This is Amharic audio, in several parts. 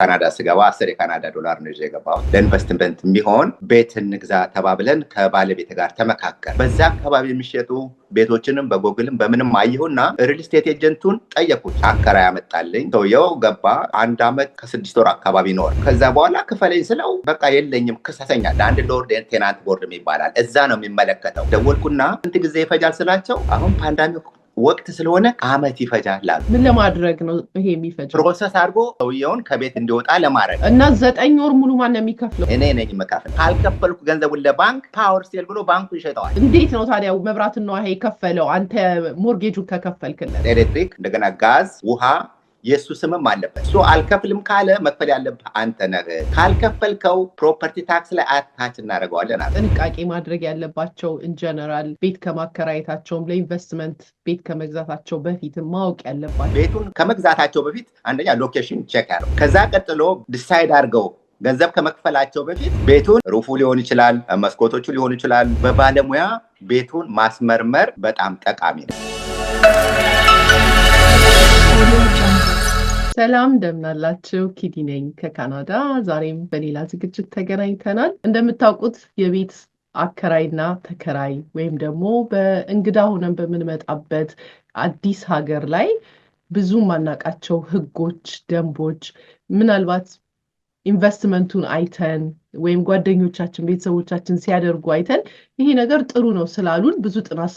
ካናዳ ስገባ አስር የካናዳ ዶላር ነው የገባው። ለኢንቨስትመንት የሚሆን ቤት እንግዛ ተባብለን ከባለቤት ጋር ተመካከል። በዛ አካባቢ የሚሸጡ ቤቶችንም በጎግልም በምንም አየሁና ሪል ስቴት ኤጀንቱን ጠየኩት። አከራ ያመጣልኝ ሰውየው ገባ። አንድ አመት ከስድስት ወር አካባቢ ኖር። ከዛ በኋላ ክፈለኝ ስለው በቃ የለኝም ክሰሰኛ። ለአንድ ሎርድ ቴናንት ቦርድ ይባላል፣ እዛ ነው የሚመለከተው። ደወልኩና ስንት ጊዜ ይፈጃል ስላቸው አሁን ፓንዳሚክ ወቅት ስለሆነ አመት ይፈጃል ምን ለማድረግ ነው ይሄ የሚፈጅ? ፕሮሰስ አድርጎ ሰውየውን ከቤት እንዲወጣ ለማድረግ እና ዘጠኝ ወር ሙሉ ማነው የሚከፍለው? እኔ ነኝ የምከፍለው። ካልከፈልኩ ገንዘቡን ለባንክ ፓወር ሴል ብሎ ባንኩ ይሸጠዋል። እንዴት ነው ታዲያ መብራትና ውሃ የከፈለው? አንተ ሞርጌጁን ከከፈልክለት ኤሌክትሪክ፣ እንደገና ጋዝ፣ ውሃ የእሱ ስምም አለበት። አልከፍልም ካለ መክፈል ያለብህ አንተ ነህ። ካልከፈልከው ፕሮፐርቲ ታክስ ላይ አታች እናደርገዋለን። ጥንቃቄ ማድረግ ያለባቸው ኢንጀነራል ቤት ከማከራየታቸውም ለኢንቨስትመንት ቤት ከመግዛታቸው በፊት ማወቅ ያለባቸው ቤቱን ከመግዛታቸው በፊት አንደኛ ሎኬሽን ቼክ ያለው፣ ከዛ ቀጥሎ ዲሳይድ አድርገው ገንዘብ ከመክፈላቸው በፊት ቤቱን ሩፉ ሊሆን ይችላል፣ መስኮቶቹ ሊሆን ይችላል። በባለሙያ ቤቱን ማስመርመር በጣም ጠቃሚ ነው። ሰላም እንደምን ኪዲ ነኝ ከካናዳ። ዛሬም በሌላ ዝግጅት ተገናኝተናል። እንደምታውቁት የቤት አከራይና ተከራይ ወይም ደግሞ በእንግዳ ሆነን በምንመጣበት አዲስ ሀገር ላይ ብዙ ማናቃቸው ህጎች ደንቦች ምናልባት ኢንቨስትመንቱን አይተን ወይም ጓደኞቻችን፣ ቤተሰቦቻችን ሲያደርጉ አይተን ይሄ ነገር ጥሩ ነው ስላሉን ብዙ ጥናት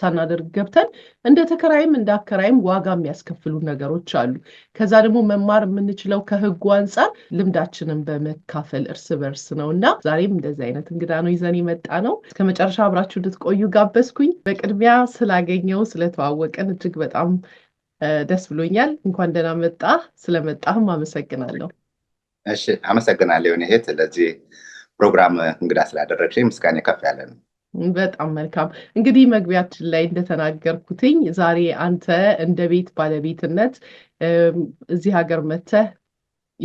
ሳናደርግ ገብተን እንደ ተከራይም እንደ አከራይም ዋጋ የሚያስከፍሉ ነገሮች አሉ። ከዛ ደግሞ መማር የምንችለው ከህጉ አንጻር ልምዳችንን በመካፈል እርስ በርስ ነው እና ዛሬም እንደዚህ አይነት እንግዳ ነው ይዘን የመጣ ነው። እስከ መጨረሻ አብራችሁ እንድትቆዩ ጋበዝኩኝ። በቅድሚያ ስላገኘው ስለተዋወቀን እጅግ በጣም ደስ ብሎኛል። እንኳን ደህና መጣ። ስለመጣህም አመሰግናለሁ። እሺ አመሰግናለሁ ሆን እህት ለዚህ ፕሮግራም እንግዳ ስላደረግሽ ምስጋና ከፍ ያለ ነው። በጣም መልካም እንግዲህ መግቢያችን ላይ እንደተናገርኩትኝ ዛሬ አንተ እንደ ቤት ባለቤትነት እዚህ ሀገር መተ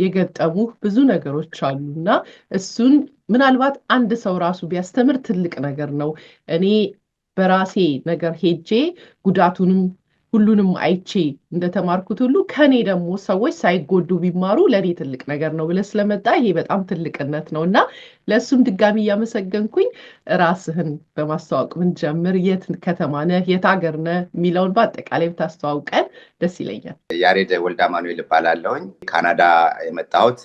የገጠሙ ብዙ ነገሮች አሉ እና እሱን ምናልባት አንድ ሰው ራሱ ቢያስተምር ትልቅ ነገር ነው። እኔ በራሴ ነገር ሄጄ ጉዳቱንም ሁሉንም አይቼ እንደተማርኩት ሁሉ ከኔ ደግሞ ሰዎች ሳይጎዱ ቢማሩ ለእኔ ትልቅ ነገር ነው ብለህ ስለመጣ ይሄ በጣም ትልቅነት ነው እና ለእሱም ድጋሚ እያመሰገንኩኝ ራስህን በማስተዋወቅ ብንጀምር፣ የት ከተማ ነህ፣ የት ሀገር ነህ የሚለውን በአጠቃላይ ብታስተዋውቀን ደስ ይለኛል። ያሬድ ወልዳ አማኑኤል እባላለሁኝ። ካናዳ የመጣሁት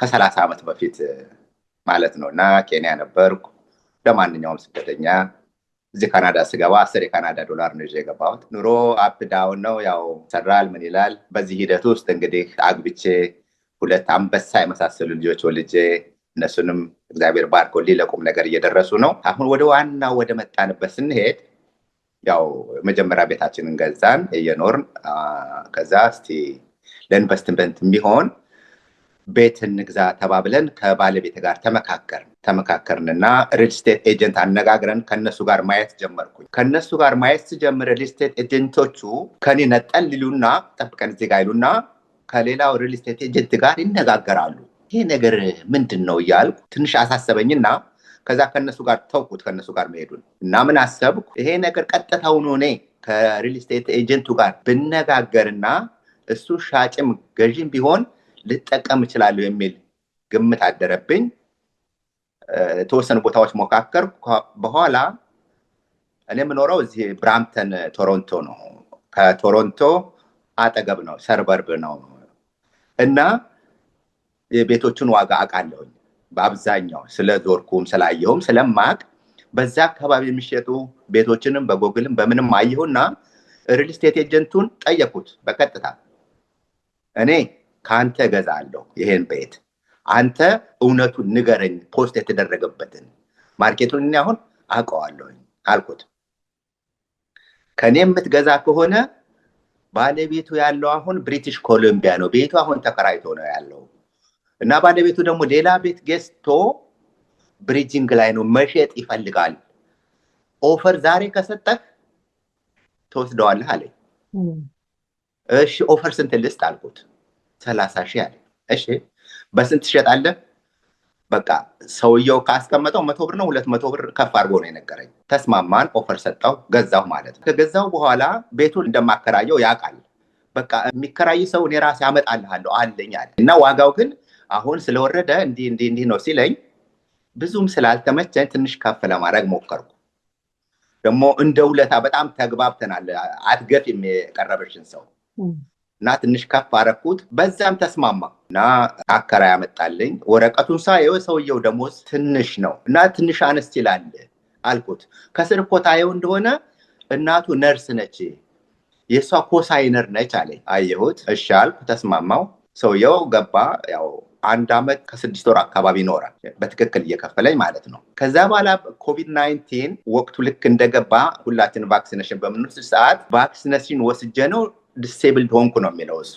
ከሰላሳ ዓመት በፊት ማለት ነው እና ኬንያ ነበርኩ። ለማንኛውም ስደተኛ እዚህ ካናዳ ስገባ አስር የካናዳ ዶላር ነው ይዤ የገባሁት። ኑሮ ዳውን ነው ያው ሰራል ምን ይላል። በዚህ ሂደት ውስጥ እንግዲህ አግብቼ ሁለት አንበሳ የመሳሰሉ ልጆች ወልጄ እነሱንም እግዚአብሔር ባርኮልኝ ለቁም ነገር እየደረሱ ነው። አሁን ወደ ዋናው ወደ መጣንበት ስንሄድ ያው መጀመሪያ ቤታችንን ገዛን እየኖርን ከዛ እስቲ ለኢንቨስትመንት የሚሆን ቤት እንግዛ ተባብለን ከባለቤት ጋር ተመካከርን ተመካከርንና ሪል ስቴት ኤጀንት አነጋግረን ከነሱ ጋር ማየት ጀመርኩኝ። ከነሱ ጋር ማየት ስጀምር ሪል ስቴት ኤጀንቶቹ ከኔ ነጠል ሊሉና ጠብቀን እዚህ ጋር ይሉና ከሌላው ሪል ስቴት ኤጀንት ጋር ይነጋገራሉ። ይሄ ነገር ምንድን ነው እያልኩ ትንሽ አሳሰበኝና ከዛ ከነሱ ጋር ተውኩት፣ ከነሱ ጋር መሄዱን እና ምን አሰብኩ፣ ይሄ ነገር ቀጥታውን ሆኔ ከሪል ስቴት ኤጀንቱ ጋር ብነጋገርና እሱ ሻጭም ገዥም ቢሆን ልጠቀም እችላለሁ የሚል ግምት አደረብኝ። የተወሰኑ ቦታዎች መካከል በኋላ እኔ የምኖረው እዚህ ብራምተን ቶሮንቶ ነው። ከቶሮንቶ አጠገብ ነው፣ ሰርበርብ ነው እና የቤቶቹን ዋጋ አውቃለሁኝ በአብዛኛው ስለ ዞርኩም ስላየሁም ስለማቅ በዛ አካባቢ የሚሸጡ ቤቶችንም በጎግልም በምንም አየሁና ሪልስቴት ኤጀንቱን ጠየኩት በቀጥታ እኔ ከአንተ እገዛለሁ ይሄን ቤት አንተ እውነቱን ንገረኝ፣ ፖስት የተደረገበትን ማርኬቱን እኔ አሁን አውቀዋለሁኝ አልኩት። ከእኔ የምትገዛ ከሆነ ባለቤቱ ያለው አሁን ብሪቲሽ ኮሎምቢያ ነው። ቤቱ አሁን ተከራይቶ ነው ያለው እና ባለቤቱ ደግሞ ሌላ ቤት ገዝቶ ብሪጅንግ ላይ ነው መሸጥ ይፈልጋል። ኦፈር ዛሬ ከሰጠህ ትወስደዋለህ አለኝ። እሺ ኦፈር ስንት ልስጥ አልኩት። ሰላሳ ሺህ አለ። እሺ በስንት ትሸጣለህ? በቃ ሰውየው ካስቀመጠው መቶ ብር ነው ሁለት መቶ ብር ከፍ አድርጎ ነው የነገረኝ። ተስማማን፣ ኦፈር ሰጠው፣ ገዛሁ ማለት ነው። ከገዛሁ በኋላ ቤቱን እንደማከራየው ያውቃል። በቃ የሚከራይ ሰው እኔ ራሴ አመጣልሃለሁ አለኝ አለ እና ዋጋው ግን አሁን ስለወረደ እንዲህ እንዲህ እንዲህ ነው ሲለኝ ብዙም ስላልተመቸኝ ትንሽ ከፍ ለማድረግ ሞከርኩ። ደግሞ እንደ ውለታ በጣም ተግባብተናል። አትገፍ የቀረበሽን ሰው እና ትንሽ ከፍ አረኩት። በዛም ተስማማ እና አከራ ያመጣልኝ። ወረቀቱን ሳየው ሰውየው ደሞዝ ትንሽ ነው እና ትንሽ አነስ ይላል አልኩት። ከስር ኮታየው እንደሆነ እናቱ ነርስ ነች፣ የእሷ ኮሳይነር ነች አለኝ። አየሁት። እሺ አልኩ። ተስማማው። ሰውየው ገባ። ያው አንድ አመት ከስድስት ወር አካባቢ ይኖራ በትክክል እየከፈለኝ ማለት ነው። ከዛ በኋላ ኮቪድ ናይንቲን ወቅቱ ልክ እንደገባ ሁላችን ቫክሲኔሽን በምንወስድ ሰዓት ቫክሲኔሽን ወስጄ ነው ዲስብልድ ሆንኩ ነው የሚለው እሱ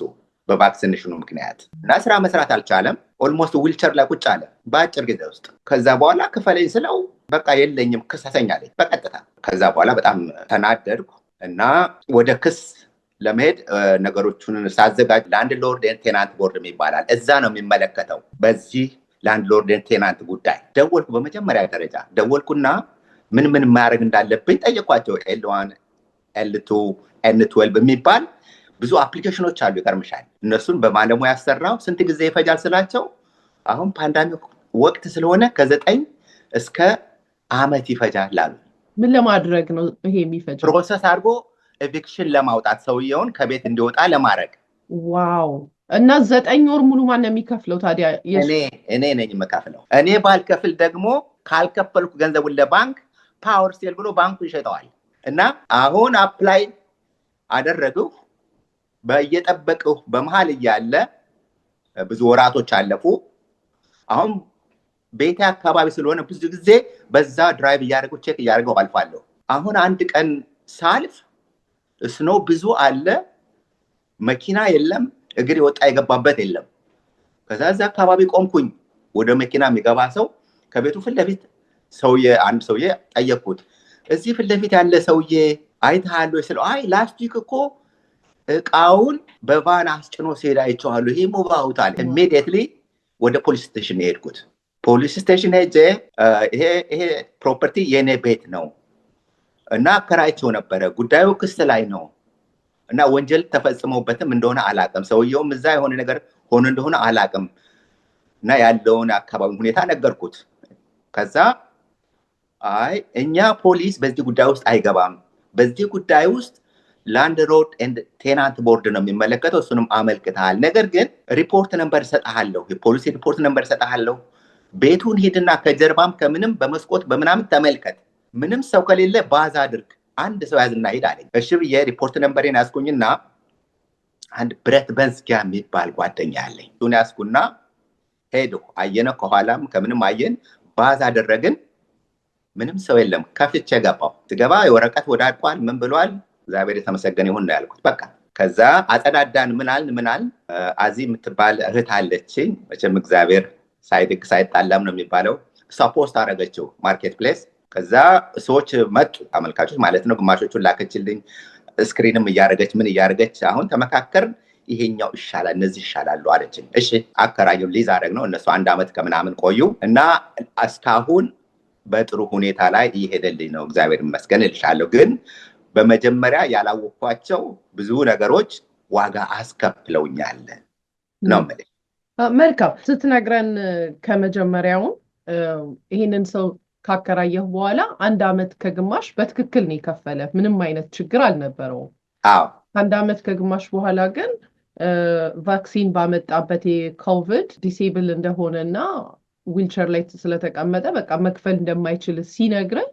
በቫክሲኔሽኑ ምክንያት እና ስራ መስራት አልቻለም። ኦልሞስት ዊልቸር ላይ ቁጭ አለ በአጭር ጊዜ ውስጥ። ከዛ በኋላ ክፈለኝ ስለው በቃ የለኝም ክስ ተሰኛለኝ በቀጥታ። ከዛ በኋላ በጣም ተናደድኩ እና ወደ ክስ ለመሄድ ነገሮቹን ሳዘጋጅ ለአንድ ሎርድ ቴናንት ቦርድ ይባላል። እዛ ነው የሚመለከተው በዚህ ለአንድ ሎርድ ቴናንት ጉዳይ ደወልኩ። በመጀመሪያ ደረጃ ደወልኩና ምን ምን ማድረግ እንዳለብኝ ጠየኳቸው። ኤልዋን ኤልቱ ኤን ትዌልቭ የሚባል ብዙ አፕሊኬሽኖች አሉ ይቀርምሻል። እነሱን በማለሙ ያሰራው ስንት ጊዜ ይፈጃል ስላቸው አሁን ፓንዳሚክ ወቅት ስለሆነ ከዘጠኝ እስከ አመት ይፈጃል አሉ። ምን ለማድረግ ነው ይሄ የሚፈጅ? ፕሮሰስ አድርጎ ኤቪክሽን ለማውጣት ሰውየውን ከቤት እንዲወጣ ለማድረግ። ዋው! እና ዘጠኝ ወር ሙሉ ማን የሚከፍለው ታዲያ? እኔ ነኝ የምከፍለው። እኔ ባልከፍል ደግሞ ካልከፈልኩ ገንዘቡን ለባንክ ፓወር ሴል ብሎ ባንኩ ይሸጠዋል። እና አሁን አፕላይ አደረግሁ በየጠበቅሁ በመሀል እያለ ብዙ ወራቶች አለፉ። አሁን ቤቴ አካባቢ ስለሆነ ብዙ ጊዜ በዛ ድራይቭ እያደረገው ቼክ እያደረገው አልፋለሁ። አሁን አንድ ቀን ሳልፍ እስኖ ብዙ አለ፣ መኪና የለም፣ እግር የወጣ የገባበት የለም። ከዛ ዛ አካባቢ ቆምኩኝ። ወደ መኪና የሚገባ ሰው ከቤቱ ፊት ለፊት ሰውዬ አንድ ሰውዬ ጠየቅኩት። እዚህ ፊት ለፊት ያለ ሰውዬ አይተሃለሁ ስለው አይ ላስቲክ እኮ እቃውን በቫን አስጭኖ ሲሄድ አይቼዋለሁ። ይህ ሙባውታል ኢሚዲየትሊ ወደ ፖሊስ ስቴሽን የሄድኩት ፖሊስ ስቴሽን ሄጄ ይሄ ፕሮፐርቲ የእኔ ቤት ነው እና ከራይቸው ነበረ ጉዳዩ ክስ ላይ ነው እና ወንጀል ተፈጽሞበትም እንደሆነ አላቅም። ሰውየውም እዛ የሆነ ነገር ሆኖ እንደሆነ አላቅም እና ያለውን አካባቢ ሁኔታ ነገርኩት። ከዛ አይ እኛ ፖሊስ በዚህ ጉዳይ ውስጥ አይገባም፣ በዚህ ጉዳይ ውስጥ ላንድ ሮድ ኤንድ ቴናንት ቦርድ ነው የሚመለከተው። እሱንም አመልክተሃል። ነገር ግን ሪፖርት ነንበር ሰጠሃለሁ፣ የፖሊሲ ሪፖርት ነንበር ሰጠሃለሁ። ቤቱን ሂድና ከጀርባም ከምንም በመስኮት በምናምን ተመልከት። ምንም ሰው ከሌለ ባዝ አድርግ፣ አንድ ሰው ያዝና ሂድ አለኝ። እሺ ብዬ ሪፖርት ነንበሬን ያስኩኝና አንድ ብረት በንዝጊያ የሚባል ጓደኛ ያለኝ ሱን ያስኩና ሄዱ። አየነ ከኋላም ከምንም አየን፣ ባዝ አደረግን። ምንም ሰው የለም። ከፍቼ ገባው ትገባ የወረቀት ወዳድቋል፣ ምን ብሏል እግዚአብሔር የተመሰገነ ይሁን ነው ያልኩት። በቃ ከዛ አጸዳዳን ምናል ምናል አዚ የምትባል እህት አለች መቼም እግዚአብሔር ሳይድግ ሳይጣላም ነው የሚባለው። እሷ ፖስት አደረገችው ማርኬት ፕሌስ። ከዛ ሰዎች መጡ፣ አመልካቾች ማለት ነው። ግማሾቹን ላከችልኝ፣ ስክሪንም እያደረገች ምን እያደረገች አሁን ተመካከር ይሄኛው ይሻላል፣ እነዚህ ይሻላሉ አለችኝ። እሺ አከራዩ ሊዝ አረግ ነው። እነሱ አንድ አመት ከምናምን ቆዩ እና እስካሁን በጥሩ ሁኔታ ላይ እየሄደልኝ ነው፣ እግዚአብሔር ይመስገን እልሻለሁ ግን በመጀመሪያ ያላወቅኳቸው ብዙ ነገሮች ዋጋ አስከፍለውኛል ነው የምልሽ። መልካም ስትነግረን ከመጀመሪያውን ይህንን ሰው ካከራየሁ በኋላ አንድ አመት ከግማሽ በትክክል ነው የከፈለ፣ ምንም አይነት ችግር አልነበረውም። አዎ አመት ከግማሽ በኋላ ግን ቫክሲን ባመጣበት የኮቪድ ዲሴብል እንደሆነ እና ዊልቸር ላይ ስለተቀመጠ በቃ መክፈል እንደማይችል ሲነግረን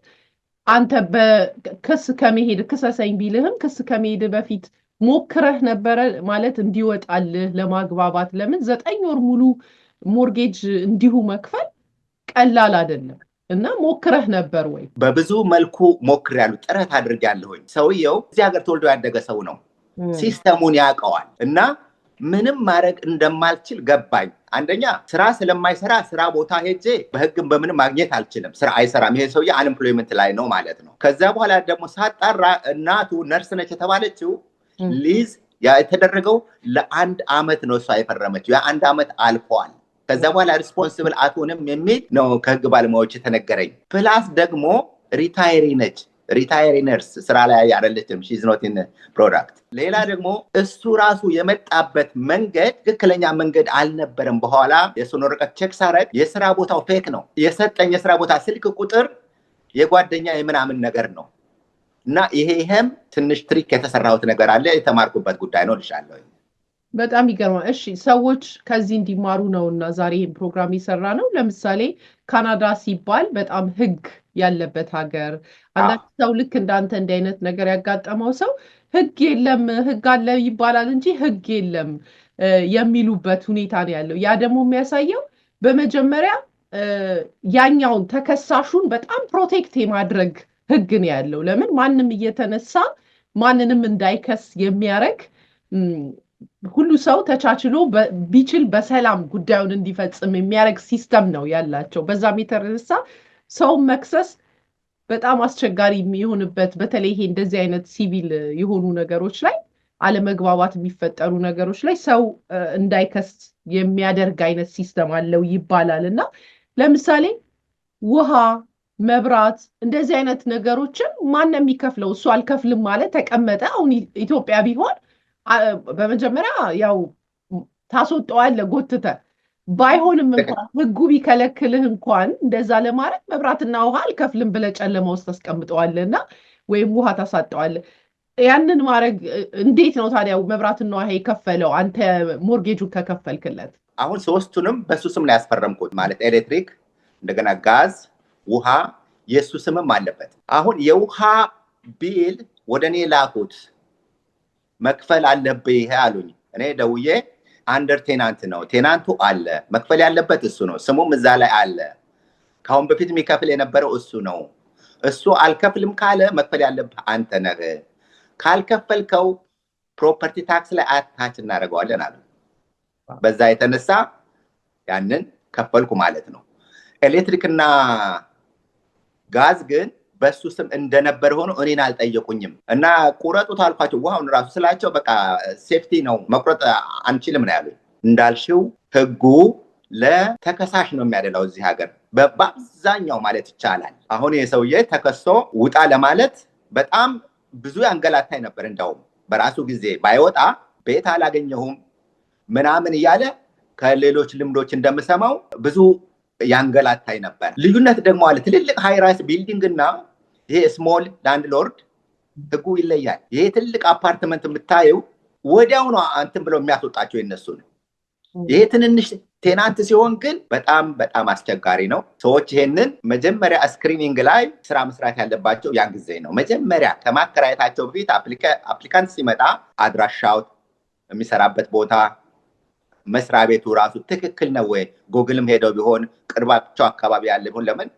አንተ በክስ ከመሄድ ክሰሰኝ ቢልህም ክስ ከመሄድ በፊት ሞክረህ ነበረ ማለት እንዲወጣልህ ለማግባባት። ለምን ዘጠኝ ወር ሙሉ ሞርጌጅ እንዲሁ መክፈል ቀላል አይደለም። እና ሞክረህ ነበር ወይ? በብዙ መልኩ ያሉ ጥረት አድርጌያለሁኝ። ሰውየው እዚህ ሀገር ተወልዶ ያደገ ሰው ነው፣ ሲስተሙን ያውቀዋል። እና ምንም ማድረግ እንደማልችል ገባኝ። አንደኛ ስራ ስለማይሰራ ስራ ቦታ ሄጄ በህግም በምንም ማግኘት አልችልም። ስራ አይሰራም። ይሄ ሰውዬ አንኤምፕሎይመንት ላይ ነው ማለት ነው። ከዛ በኋላ ደግሞ ሳጣራ እናቱ ነርስ ነች የተባለችው ሊዝ የተደረገው ለአንድ አመት ነው እሷ የፈረመችው። የአንድ አመት አልፈዋል። ከዛ በኋላ ሪስፖንስብል አትሆንም የሚል ነው ከህግ ባለሙያዎች የተነገረኝ። ፕላስ ደግሞ ሪታይሪ ነች ሪታይሪነርስ ስራ ላይ አይደለችም። ሺዝኖቲን ፕሮዳክት። ሌላ ደግሞ እሱ ራሱ የመጣበት መንገድ ትክክለኛ መንገድ አልነበረም። በኋላ የሱን ወረቀት ቼክ ሳረግ የስራ ቦታው ፌክ ነው። የሰጠኝ የስራ ቦታ ስልክ ቁጥር የጓደኛ የምናምን ነገር ነው። እና ይሄም ትንሽ ትሪክ የተሰራሁት ነገር አለ። የተማርኩበት ጉዳይ ነው ልሻለሁ። በጣም ይገርማል። እሺ ሰዎች ከዚህ እንዲማሩ ነው እና ዛሬ ይህን ፕሮግራም የሰራ ነው። ለምሳሌ ካናዳ ሲባል በጣም ህግ ያለበት ሀገር አንዳንድ ሰው ልክ እንዳንተ እንዲህ አይነት ነገር ያጋጠመው ሰው ህግ የለም ህግ አለ ይባላል እንጂ ህግ የለም የሚሉበት ሁኔታ ነው ያለው። ያ ደግሞ የሚያሳየው በመጀመሪያ ያኛውን ተከሳሹን በጣም ፕሮቴክት የማድረግ ህግ ነው ያለው። ለምን ማንም እየተነሳ ማንንም እንዳይከስ የሚያደርግ ሁሉ ሰው ተቻችሎ ቢችል በሰላም ጉዳዩን እንዲፈጽም የሚያደርግ ሲስተም ነው ያላቸው። በዛም የተነሳ ሰውን መክሰስ በጣም አስቸጋሪ የሚሆንበት በተለይ ይሄ እንደዚህ አይነት ሲቪል የሆኑ ነገሮች ላይ አለመግባባት የሚፈጠሩ ነገሮች ላይ ሰው እንዳይከስ የሚያደርግ አይነት ሲስተም አለው ይባላል እና ለምሳሌ ውሃ፣ መብራት እንደዚህ አይነት ነገሮችን ማን ነው የሚከፍለው? እሱ አልከፍልም ማለት ተቀመጠ። አሁን ኢትዮጵያ ቢሆን በመጀመሪያ ያው ታስወጣዋለህ ጎትተህ ባይሆንም እንኳን ህጉ ቢከለክልህ እንኳን እንደዛ ለማድረግ መብራትና ውሃ አልከፍልም ብለህ ጨለማ ውስጥ ታስቀምጠዋለህ እና ወይም ውሃ ታሳጠዋለህ። ያንን ማድረግ እንዴት ነው ታዲያ መብራትና ውሃ የከፈለው? አንተ ሞርጌጁን ከከፈልክለት። አሁን ሶስቱንም በሱ ስም ላይ ያስፈረምኩት ማለት ኤሌክትሪክ፣ እንደገና ጋዝ፣ ውሃ የእሱ ስምም አለበት። አሁን የውሃ ቢል ወደ እኔ ላኩት መክፈል አለብህ አሉኝ። እኔ ደውዬ አንደር ቴናንት ነው። ቴናንቱ አለ መክፈል ያለበት እሱ ነው። ስሙም እዛ ላይ አለ። ከአሁን በፊት የሚከፍል የነበረው እሱ ነው። እሱ አልከፍልም ካለ መክፈል ያለብህ አንተ ነህ። ካልከፈልከው ፕሮፐርቲ ታክስ ላይ አታች እናደርገዋለን አሉ። በዛ የተነሳ ያንን ከፈልኩ ማለት ነው። ኤሌክትሪክና ጋዝ ግን በሱ ስም እንደነበር ሆኖ እኔን አልጠየቁኝም እና ቁረጡት አልኳቸው። ውሃውን ራሱ ስላቸው በቃ ሴፍቲ ነው መቁረጥ አንችልም ነው ያሉኝ። እንዳልሽው ህጉ ለተከሳሽ ነው የሚያደላው እዚህ ሀገር በአብዛኛው ማለት ይቻላል። አሁን የሰውዬ ተከሶ ውጣ ለማለት በጣም ብዙ ያንገላታኝ ነበር። እንደውም በራሱ ጊዜ ባይወጣ ቤት አላገኘሁም ምናምን እያለ ከሌሎች ልምዶች እንደምሰማው ብዙ ያንገላታይ ነበር። ልዩነት ደግሞ አለ። ትልልቅ ሃይራይስ ቢልዲንግ እና ይሄ ስሞል ላንድ ሎርድ ህጉ ይለያል። ይሄ ትልቅ አፓርትመንት የምታየው ወዲያው ነው አንትን ብለው የሚያስወጣቸው የነሱ ነው። ይሄ ትንንሽ ቴናንት ሲሆን ግን በጣም በጣም አስቸጋሪ ነው። ሰዎች ይሄንን መጀመሪያ ስክሪኒንግ ላይ ስራ መስራት ያለባቸው ያን ጊዜ ነው። መጀመሪያ ከማከራየታቸው በፊት አፕሊካንት ሲመጣ አድራሻውት የሚሰራበት ቦታ፣ መስሪያ ቤቱ ራሱ ትክክል ነው ወይ፣ ጉግልም ሄደው ቢሆን ቅርባቸው አካባቢ ያለ ቢሆን ለምን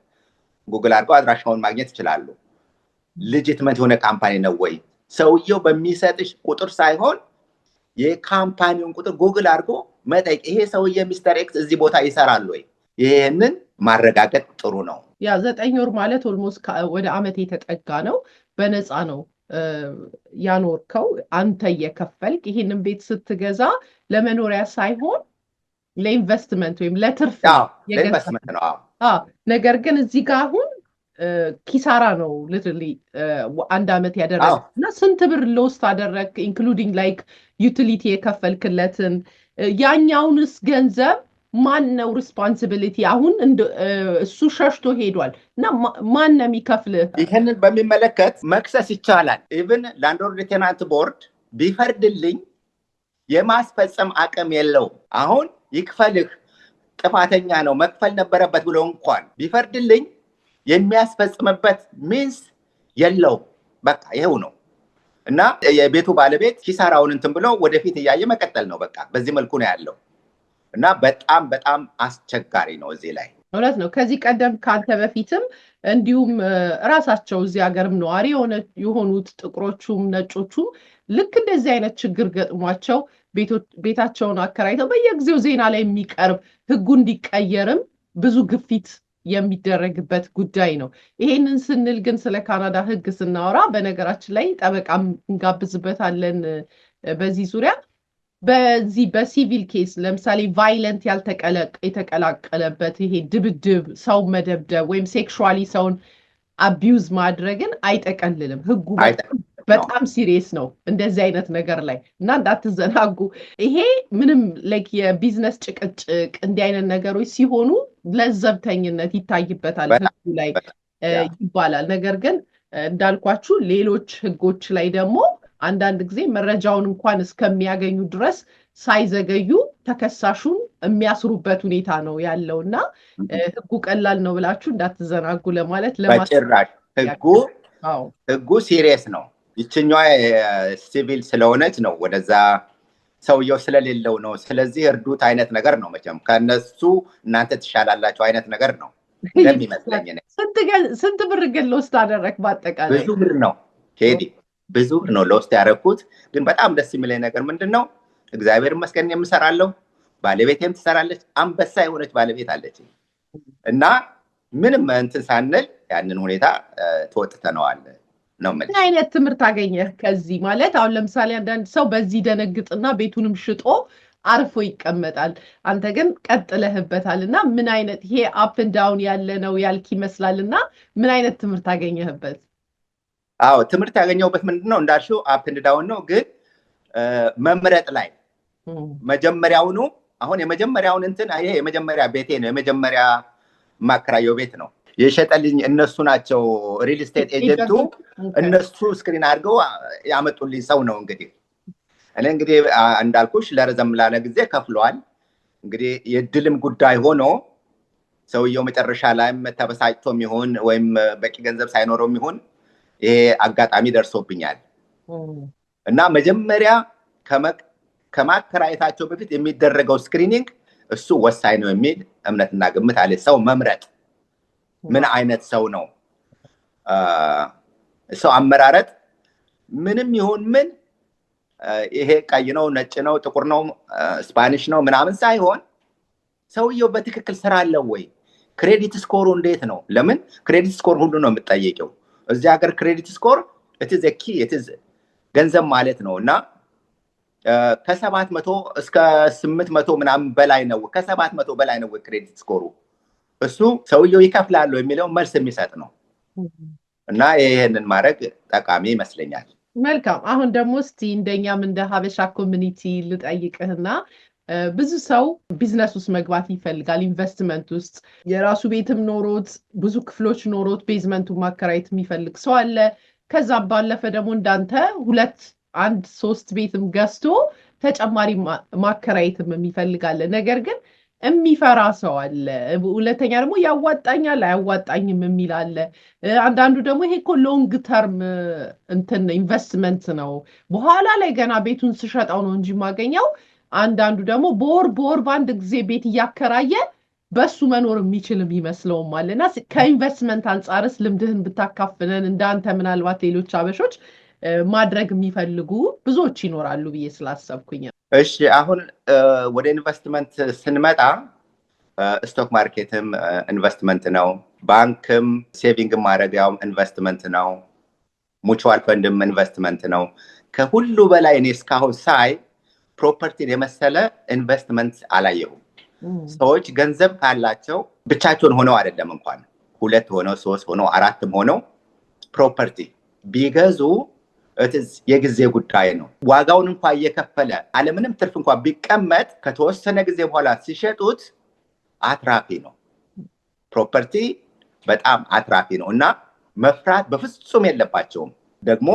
ጉግል አድርገው አድራሻውን ማግኘት ይችላሉ። ልጅትመት የሆነ ካምፓኒ ነው ወይ? ሰውየው በሚሰጥሽ ቁጥር ሳይሆን የካምፓኒውን ቁጥር ጉግል አድርጎ መጠየቅ። ይሄ ሰውዬ ሚስተር ኤክስ እዚህ ቦታ ይሰራል ወይ? ይህንን ማረጋገጥ ጥሩ ነው። ያ ዘጠኝ ወር ማለት ኦልሞስት ወደ አመት የተጠጋ ነው። በነፃ ነው ያኖርከው አንተ እየከፈልክ ይህንን ቤት ስትገዛ ለመኖሪያ ሳይሆን ለኢንቨስትመንት ወይም ለትርፍ ለኢንቨስትመንት ነው። ነገር ግን እዚህ ጋር አሁን ኪሳራ ነው ሊትራሊ አንድ ዓመት ያደረግ እና ስንት ብር ሎስት አደረግ ኢንክሉዲንግ ላይክ ዩቲሊቲ የከፈልክለትን ያኛውንስ ገንዘብ ማን ነው ሪስፖንሲቢሊቲ? አሁን እሱ ሸሽቶ ሄዷል እና ማን ነው የሚከፍልህ? ይህንን በሚመለከት መክሰስ ይቻላል። ኢቭን ላንድሎርድ ቴናንት ቦርድ ቢፈርድልኝ የማስፈጸም አቅም የለውም። አሁን ይክፈልህ ጥፋተኛ ነው መክፈል ነበረበት ብሎ እንኳን ቢፈርድልኝ የሚያስፈጽምበት ሚንስ የለውም። በቃ ይኸው ነው እና የቤቱ ባለቤት ኪሳራውን እንትን ብሎ ወደፊት እያየ መቀጠል ነው። በቃ በዚህ መልኩ ነው ያለው እና በጣም በጣም አስቸጋሪ ነው እዚህ ላይ እውነት ነው። ከዚህ ቀደም ካንተ በፊትም እንዲሁም እራሳቸው እዚህ ሀገርም ነዋሪ የሆኑት ጥቁሮቹም ነጮቹም ልክ እንደዚህ አይነት ችግር ገጥሟቸው ቤታቸውን አከራይተው በየጊዜው ዜና ላይ የሚቀርብ ህጉ እንዲቀየርም ብዙ ግፊት የሚደረግበት ጉዳይ ነው። ይሄንን ስንል ግን ስለ ካናዳ ህግ ስናወራ በነገራችን ላይ ጠበቃም እንጋብዝበታለን በዚህ ዙሪያ በዚህ በሲቪል ኬስ ለምሳሌ ቫይለንት የተቀላቀለበት ይሄ ድብድብ፣ ሰው መደብደብ ወይም ሴክሹዋሊ ሰውን አቢውዝ ማድረግን አይጠቀልልም ህጉ በጣም በጣም ሲሪየስ ነው እንደዚህ አይነት ነገር ላይ እና እንዳትዘናጉ። ይሄ ምንም ላይክ የቢዝነስ ጭቅጭቅ እንዲህ አይነት ነገሮች ሲሆኑ ለዘብተኝነት ይታይበታል ህጉ ላይ ይባላል። ነገር ግን እንዳልኳችሁ ሌሎች ህጎች ላይ ደግሞ አንዳንድ ጊዜ መረጃውን እንኳን እስከሚያገኙ ድረስ ሳይዘገዩ ተከሳሹን የሚያስሩበት ሁኔታ ነው ያለው እና ህጉ ቀላል ነው ብላችሁ እንዳትዘናጉ ለማለት ለማጭራሽ ህጉ ህጉ ሲሪየስ ነው። ይችኛ ሲቪል ስለሆነች ነው ወደዛ ሰውየው ስለሌለው ነው። ስለዚህ እርዱት አይነት ነገር ነው። መቼም ከነሱ እናንተ ትሻላላቸው አይነት ነገር ነው ስንት ብር ግን ለውስጥ አደረግ? በአጠቃላይ ብዙ ብር ነው ቴዲ፣ ብዙ ብር ነው ለውስጥ ያደረግኩት። ግን በጣም ደስ የሚለኝ ነገር ምንድን ነው? እግዚአብሔር ይመስገን የምሰራለው? ባለቤቴም ትሰራለች። አንበሳ የሆነች ባለቤት አለች እና ምንም እንትን ሳንል ያንን ሁኔታ ተወጥተነዋል። ነው ምን አይነት ትምህርት አገኘህ ከዚህ? ማለት አሁን ለምሳሌ አንዳንድ ሰው በዚህ ደነግጥና ቤቱንም ሽጦ አርፎ ይቀመጣል። አንተ ግን ቀጥለህበታል እና ምን አይነት ይሄ አፕን ዳውን ያለ ነው ያልክ ይመስላል እና ምን አይነት ትምህርት አገኘህበት? አዎ ትምህርት ያገኘሁበት ምንድን ነው እንዳልሽው አፕን ዳውን ነው፣ ግን መምረጥ ላይ መጀመሪያውኑ አሁን የመጀመሪያውን እንትን ይሄ የመጀመሪያ ቤቴ ነው የመጀመሪያ ማከራየው ቤት ነው የሸጠልኝ እነሱ ናቸው። ሪል ስቴት ኤጀንቱ እነሱ ስክሪን አድርገው ያመጡልኝ ሰው ነው። እንግዲህ እኔ እንግዲህ እንዳልኩሽ ለረዘም ላለ ጊዜ ከፍለዋል። እንግዲህ የድልም ጉዳይ ሆኖ ሰውየው መጨረሻ ላይም ተበሳጭቶ ይሁን ወይም በቂ ገንዘብ ሳይኖረውም ይሁን ይሄ አጋጣሚ ደርሶብኛል እና መጀመሪያ ከማከራየታቸው በፊት የሚደረገው ስክሪኒንግ እሱ ወሳኝ ነው የሚል እምነትና ግምት አለ ሰው መምረጥ ምን አይነት ሰው ነው ሰው አመራረጥ ምንም ይሁን ምን ይሄ ቀይ ነው፣ ነጭ ነው፣ ጥቁር ነው፣ ስፓኒሽ ነው ምናምን ሳይሆን ሰውየው በትክክል ስራ አለው ወይ? ክሬዲት ስኮሩ እንዴት ነው? ለምን ክሬዲት ስኮር ሁሉ ነው የምጠየቀው እዚህ ሀገር ክሬዲት ስኮር እትዝ ኪ እትዝ ገንዘብ ማለት ነው እና ከሰባት መቶ እስከ ስምንት መቶ ምናምን በላይ ነው ከሰባት መቶ በላይ ነው ክሬዲት ስኮሩ እሱ ሰውየው ይከፍላሉ የሚለው መልስ የሚሰጥ ነው እና ይህንን ማድረግ ጠቃሚ ይመስለኛል። መልካም። አሁን ደግሞ እስቲ እንደኛም እንደ ሀበሻ ኮሚኒቲ ልጠይቅህና ብዙ ሰው ቢዝነስ ውስጥ መግባት ይፈልጋል። ኢንቨስትመንት ውስጥ የራሱ ቤትም ኖሮት ብዙ ክፍሎች ኖሮት ቤዝመንቱ ማከራየት የሚፈልግ ሰው አለ። ከዛም ባለፈ ደግሞ እንዳንተ ሁለት አንድ ሶስት ቤትም ገዝቶ ተጨማሪ ማከራየትም የሚፈልጋለ ነገር ግን የሚፈራ ሰው አለ። ሁለተኛ ደግሞ ያዋጣኛል አያዋጣኝም የሚል አለ። አንዳንዱ ደግሞ ይሄ እኮ ሎንግ ተርም እንትን ኢንቨስትመንት ነው፣ በኋላ ላይ ገና ቤቱን ስሸጠው ነው እንጂ የማገኘው። አንዳንዱ ደግሞ በወር በወር በአንድ ጊዜ ቤት እያከራየ በሱ መኖር የሚችል የሚመስለውም አለ እና ከኢንቨስትመንት አንጻርስ ልምድህን ብታካፍለን እንዳንተ ምናልባት ሌሎች አበሾች ማድረግ የሚፈልጉ ብዙዎች ይኖራሉ ብዬ ስላሰብኩኝ። እሺ፣ አሁን ወደ ኢንቨስትመንት ስንመጣ ስቶክ ማርኬትም ኢንቨስትመንት ነው፣ ባንክም ሴቪንግ ማድረጊያውም ኢንቨስትመንት ነው፣ ሙቹዋል ፈንድም ኢንቨስትመንት ነው። ከሁሉ በላይ እኔ እስካሁን ሳይ ፕሮፐርቲን የመሰለ ኢንቨስትመንት አላየሁም። ሰዎች ገንዘብ ካላቸው ብቻቸውን ሆነው አይደለም እንኳን ሁለት ሆነው ሶስት ሆነው አራትም ሆነው ፕሮፐርቲ ቢገዙ የጊዜ ጉዳይ ነው። ዋጋውን እንኳ እየከፈለ አለምንም ትርፍ እንኳ ቢቀመጥ ከተወሰነ ጊዜ በኋላ ሲሸጡት አትራፊ ነው። ፕሮፐርቲ በጣም አትራፊ ነው እና መፍራት በፍጹም የለባቸውም። ደግሞ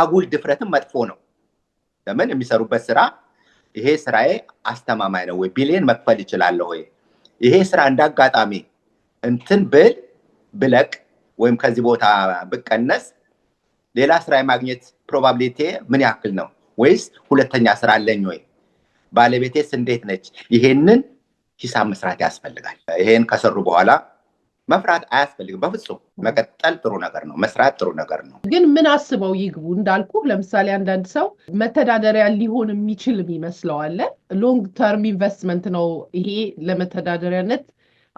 አጉል ድፍረትም መጥፎ ነው። ለምን የሚሰሩበት ስራ ይሄ ስራዬ አስተማማኝ ነው ወይ ቢሊየን መክፈል ይችላለሁ ወይ ይሄ ስራ እንዳጋጣሚ እንትን ብል ብለቅ ወይም ከዚህ ቦታ ብቀነስ ሌላ ስራ የማግኘት ፕሮባብሊቲ ምን ያክል ነው? ወይስ ሁለተኛ ስራ አለኝ ወይ? ባለቤቴስ እንዴት ነች? ይሄንን ሂሳብ መስራት ያስፈልጋል። ይሄን ከሰሩ በኋላ መፍራት አያስፈልግም በፍጹም። መቀጠል ጥሩ ነገር ነው፣ መስራት ጥሩ ነገር ነው። ግን ምን አስበው ይግቡ እንዳልኩ፣ ለምሳሌ አንዳንድ ሰው መተዳደሪያ ሊሆን የሚችል ይመስለዋለን ሎንግ ተርም ኢንቨስትመንት ነው ይሄ ለመተዳደሪያነት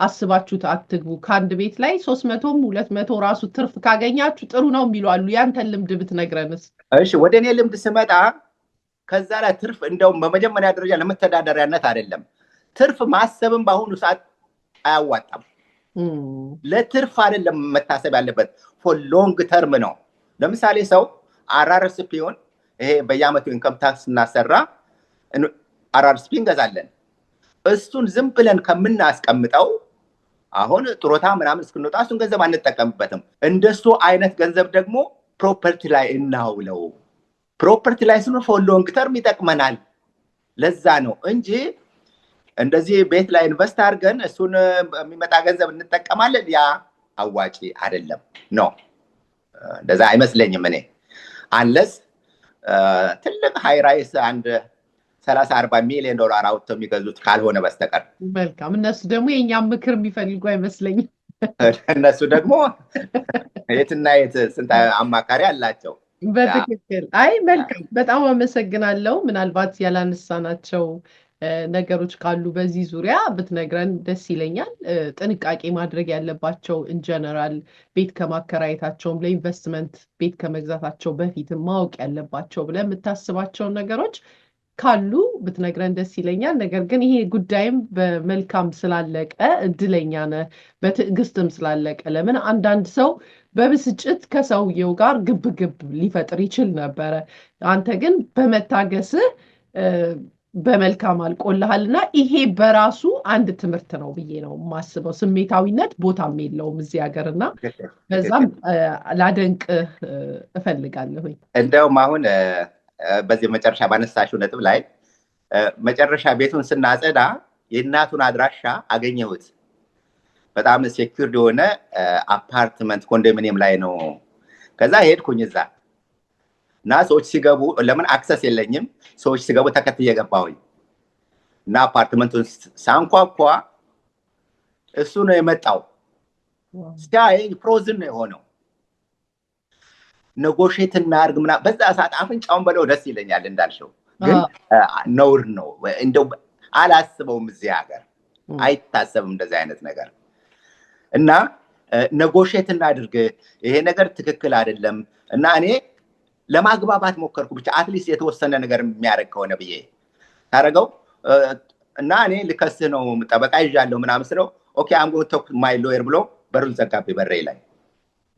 አስባችሁት አትግቡ። ከአንድ ቤት ላይ ሶስት መቶም ሁለት መቶ ራሱ ትርፍ ካገኛችሁ ጥሩ ነው የሚሉ አሉ። ያንተን ልምድ ብትነግረንስ? እሺ ወደ እኔ ልምድ ስመጣ ከዛ ላይ ትርፍ እንደውም በመጀመሪያ ደረጃ ለመተዳደሪያነት አይደለም። ትርፍ ማሰብም በአሁኑ ሰዓት አያዋጣም። ለትርፍ አይደለም መታሰብ ያለበት ፎር ሎንግ ተርም ነው። ለምሳሌ ሰው አራርስፒውን ይሄ በየአመቱ ኢንከም ታክስ እናሰራ አራርስፒ እንገዛለን። እሱን ዝም ብለን ከምናስቀምጠው አሁን ጥሮታ ምናምን እስክንወጣ እሱን ገንዘብ አንጠቀምበትም። እንደሱ አይነት ገንዘብ ደግሞ ፕሮፐርቲ ላይ እናውለው። ፕሮፐርቲ ላይ ስኖ ፎር ሎንግ ተርም ይጠቅመናል። ለዛ ነው እንጂ እንደዚህ ቤት ላይ ኢንቨስት አድርገን እሱን የሚመጣ ገንዘብ እንጠቀማለን። ያ አዋጪ አይደለም። ኖ እንደዛ አይመስለኝም እኔ አንለስ ትልቅ ሃይራይስ አንድ ሰላሳ አርባ ሚሊዮን ዶላር አውጥተው የሚገዙት ካልሆነ በስተቀር መልካም። እነሱ ደግሞ የእኛም ምክር የሚፈልጉ አይመስለኝም። እነሱ ደግሞ የትና የት ስንት አማካሪ አላቸው። በትክክል አይ መልካም፣ በጣም አመሰግናለው ምናልባት ያላነሳናቸው ነገሮች ካሉ በዚህ ዙሪያ ብትነግረን ደስ ይለኛል። ጥንቃቄ ማድረግ ያለባቸው ኢንጀነራል ቤት ከማከራየታቸውም ለኢንቨስትመንት ቤት ከመግዛታቸው በፊት ማወቅ ያለባቸው ብለን የምታስባቸውን ነገሮች ካሉ ብትነግረን ደስ ይለኛል። ነገር ግን ይሄ ጉዳይም በመልካም ስላለቀ እድለኛ ነህ፣ በትዕግስትም ስላለቀ ለምን አንዳንድ ሰው በብስጭት ከሰውየው ጋር ግብግብ ሊፈጥር ይችል ነበረ። አንተ ግን በመታገስህ በመልካም አልቆልሃል ይሄ በራሱ አንድ ትምህርት ነው ብዬ ነው የማስበው። ስሜታዊነት ቦታም የለውም እዚህ ሀገር እና በዛም ላደንቅ እፈልጋለሁኝ። እንደውም አሁን በዚህ መጨረሻ ባነሳሽው ነጥብ ላይ መጨረሻ ቤቱን ስናጸዳ የእናቱን አድራሻ አገኘሁት። በጣም ሴኪርድ የሆነ አፓርትመንት ኮንዶሚኒየም ላይ ነው። ከዛ ሄድኩኝ እዛ እና ሰዎች ሲገቡ ለምን አክሰስ የለኝም፣ ሰዎች ሲገቡ ተከትዬ ገባሁኝ እና አፓርትመንቱን ሳንኳኳ እሱ ነው የመጣው። ሲያየኝ ፕሮዝን ነው የሆነው ነጎሼት እናድርግ ምናምን በዛ ሰዓት አፍንጫውን በለው ደስ ይለኛል። እንዳልሸው ግን ነውር ነው። እንደ አላስበውም። እዚህ ሀገር አይታሰብም እንደዚህ አይነት ነገር እና ነጎሼት እናድርግ፣ ይሄ ነገር ትክክል አይደለም እና እኔ ለማግባባት ሞከርኩ። ብቻ አትሊስት የተወሰነ ነገር የሚያደርግ ከሆነ ብዬ ታደረገው እና እኔ ልከስህ ነው ጠበቃ ይዣለሁ ምናምን ስለው ኦኬ አምጎ ቶክ ማይ ሎየር ብሎ በሩን ዘጋቢ በሬ ላይ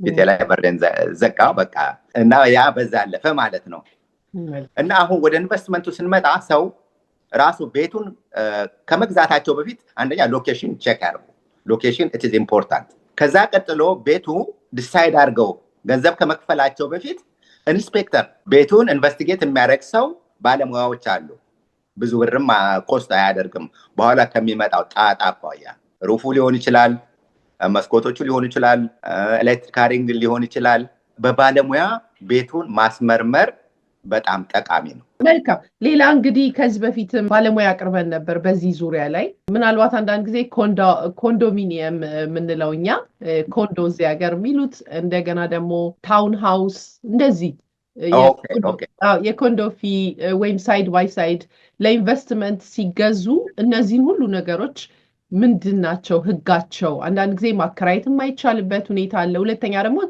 ቤቴ ላይ በርደን ዘጋው በቃ እና ያ በዛ አለፈ ማለት ነው። እና አሁን ወደ ኢንቨስትመንቱ ስንመጣ ሰው ራሱ ቤቱን ከመግዛታቸው በፊት አንደኛ ሎኬሽን ቼክ ያደርጉ ሎኬሽን ኢትዝ ኢምፖርታንት። ከዛ ቀጥሎ ቤቱ ዲሳይድ አድርገው ገንዘብ ከመክፈላቸው በፊት ኢንስፔክተር ቤቱን ኢንቨስቲጌት የሚያደርግ ሰው ባለሙያዎች አሉ። ብዙ ብርም ኮስት አያደርግም። በኋላ ከሚመጣው ጣጣ አኳያ ሩፉ ሊሆን ይችላል መስኮቶቹ ሊሆን ይችላል፣ ኤሌክትሪካሪንግ ሊሆን ይችላል። በባለሙያ ቤቱን ማስመርመር በጣም ጠቃሚ ነው። መልካም። ሌላ እንግዲህ ከዚህ በፊት ባለሙያ አቅርበን ነበር በዚህ ዙሪያ ላይ ምናልባት አንዳንድ ጊዜ ኮንዶሚኒየም የምንለው እኛ ኮንዶ እዚህ ሀገር የሚሉት እንደገና ደግሞ ታውን ሃውስ እንደዚህ የኮንዶፊ ወይም ሳይድ ባይ ሳይድ ለኢንቨስትመንት ሲገዙ እነዚህን ሁሉ ነገሮች ምንድን ናቸው ህጋቸው? አንዳንድ ጊዜ ማከራየት የማይቻልበት ሁኔታ አለ። ሁለተኛ ደግሞ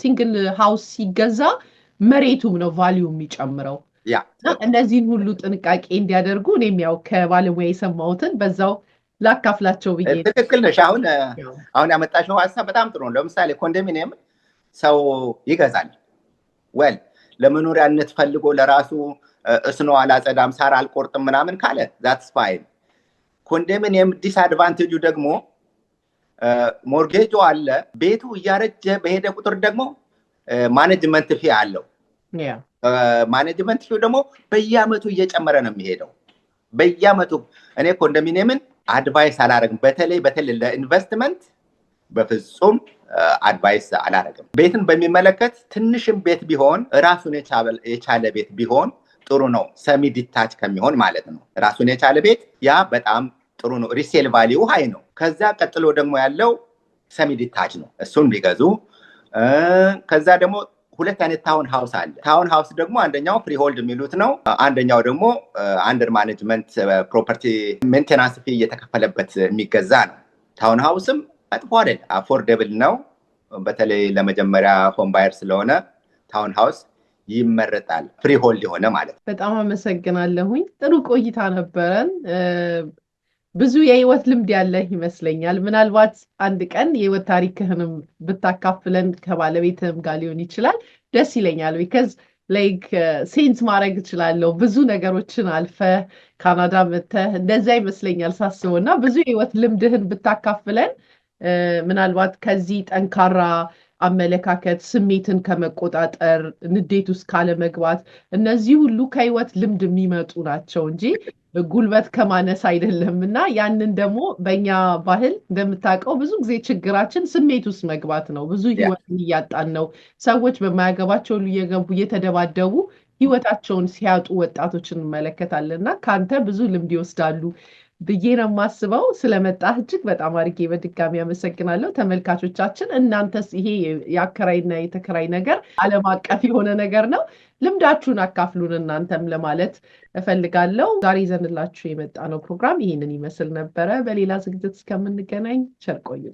ሲንግል ሃውስ ሲገዛ መሬቱም ነው ቫሊዩ የሚጨምረው። እነዚህን ሁሉ ጥንቃቄ እንዲያደርጉ እኔም ያው ከባለሙያ የሰማሁትን በዛው ላካፍላቸው ብዬ። ትክክል ነሽ። አሁን አሁን ያመጣሽው ሀሳብ በጣም ጥሩ ነው። ለምሳሌ ኮንዶሚኒየም ሰው ይገዛል። ወል ለመኖሪያነት ፈልጎ ለራሱ እስኖ አላጸዳም፣ ሳር አልቆርጥም ምናምን ካለ ዛትስ ፋይን ኮንዶሚኒየም ዲስአድቫንቴጁ ደግሞ ሞርጌጆ አለ። ቤቱ እያረጀ በሄደ ቁጥር ደግሞ ማኔጅመንት ፊ አለው። ማኔጅመንት ፊ ደግሞ በየአመቱ እየጨመረ ነው የሚሄደው። በየአመቱ እኔ ኮንዶሚኒየምን አድቫይስ አላረግም። በተለይ በተለይ ለኢንቨስትመንት በፍጹም አድቫይስ አላረግም። ቤትን በሚመለከት ትንሽም ቤት ቢሆን ራሱን የቻለ ቤት ቢሆን ጥሩ ነው። ሰሚ ዲታች ከሚሆን ማለት ነው ራሱን የቻለ ቤት ያ በጣም ጥሩ ነው። ሪሴል ቫሊዩ ሀይ ነው። ከዛ ቀጥሎ ደግሞ ያለው ሰሚ ዲታች ነው። እሱን ቢገዙ ከዛ ደግሞ ሁለት አይነት ታውን ሀውስ አለ። ታውን ሀውስ ደግሞ አንደኛው ፍሪሆልድ የሚሉት ነው። አንደኛው ደግሞ አንደር ማኔጅመንት ፕሮፐርቲ ሜንቴናንስ ፊ እየተከፈለበት የሚገዛ ነው። ታውን ሀውስም መጥፎ አይደል፣ አፎርደብል ነው። በተለይ ለመጀመሪያ ሆም ባየር ስለሆነ ታውን ሀውስ ይመረጣል። ፍሪሆልድ የሆነ ማለት ነው። በጣም አመሰግናለሁኝ። ጥሩ ቆይታ ነበረን። ብዙ የህይወት ልምድ ያለህ ይመስለኛል። ምናልባት አንድ ቀን የህይወት ታሪክህንም ብታካፍለን ከባለቤትህም ጋር ሊሆን ይችላል ደስ ይለኛል። ቢከዝ ላይክ ሴንስ ማድረግ እችላለሁ ብዙ ነገሮችን አልፈ ካናዳ መተ እንደዚያ ይመስለኛል ሳስበው እና ብዙ የህይወት ልምድህን ብታካፍለን ምናልባት ከዚህ ጠንካራ አመለካከት፣ ስሜትን ከመቆጣጠር፣ ንዴት ውስጥ ካለመግባት፣ እነዚህ ሁሉ ከህይወት ልምድ የሚመጡ ናቸው እንጂ ጉልበት ከማነስ አይደለም። እና ያንን ደግሞ በእኛ ባህል እንደምታውቀው ብዙ ጊዜ ችግራችን ስሜት ውስጥ መግባት ነው። ብዙ ህይወት እያጣን ነው። ሰዎች በማያገባቸው እየገቡ እየተደባደቡ ህይወታቸውን ሲያጡ ወጣቶችን እንመለከታለን እና ከአንተ ብዙ ልምድ ይወስዳሉ። ብዬ ነው የማስበው። ስለመጣ እጅግ በጣም አድርጌ በድጋሚ አመሰግናለሁ። ተመልካቾቻችን፣ እናንተስ ይሄ የአከራይና የተከራይ ነገር ዓለም አቀፍ የሆነ ነገር ነው። ልምዳችሁን አካፍሉን እናንተም ለማለት እፈልጋለሁ። ዛሬ ይዘንላችሁ የመጣ ነው ፕሮግራም ይህንን ይመስል ነበረ። በሌላ ዝግጅት እስከምንገናኝ ቸር ቆዩ።